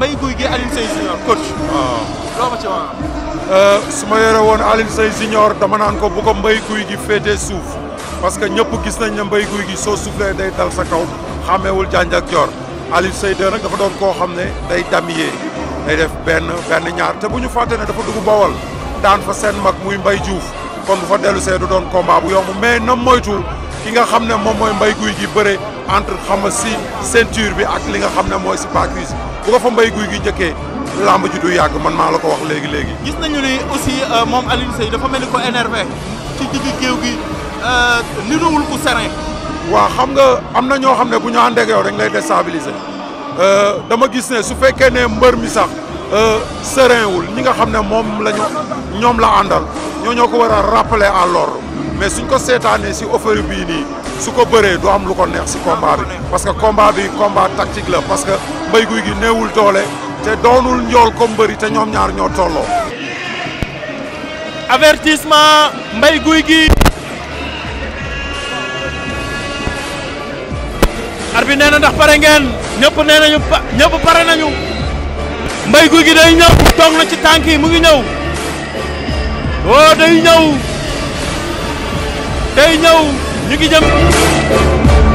Mbaye Gouye Gui Alioune Seye ah. euh, su ma yore woon Alioune Seye Junior dama naan ko bu ko Mbaye Gouye suuf parce que ñëpp gis nañ ne Mbaye Gouye Gui soo soufflé day dal sa kaw xàmmeewul jànj ak joor Alioune Seye de nag dafa doon koo xam ne day damyee day def benn benn ñaar te bu ñu fàtte ne dafa dugg Bawol daan fa seen mag muy mbay Diouf kon bu fa dellu see du doon combat bu yomb mais na moytu ki nga xam ne moom mooy Mbaye Gouye Gui bëre entre xam si ceinture bi ak li nga xam ne mooy si paccuise bu fa mbay guy gi njëkkee làmb ji du yàgg man maa la ko wax léegi léegi. gis nañu ni aussi euh, moom Alioune Seye dafa me ni ko énervé ci digg géew gi euh, niruwul ku serein. waaw xam nga am na ñoo xam ne bu ñu ànd ak yow dañ lay déstabiliser euh, dama gis ne su fekkee ne mbër mi sax serein wul ñi nga xam ne moom la ñu ñoom la àndal ñoo ñoo ko war a rappeler à l'ordre mais suñ ko seetaanee si offre bii nii su ko bëree du am lu ko neex si combat bi parce que combat bi combat tactique la parce que Mbaye Gouye Gui néewul doole te doonul njool comme mbëri te ñoom ñaar ñoo tolloo. avertissement Mbaye Gouye Gui. arbitre nee na ndax pare ngeen ñëpp nee nañu pa ñëpp pare nañu. Mbaye Gouye gi day ñëw toog na ci tànk yi mu ngi ñëw. oh day ñëw. day ñëw ñu ngi jëm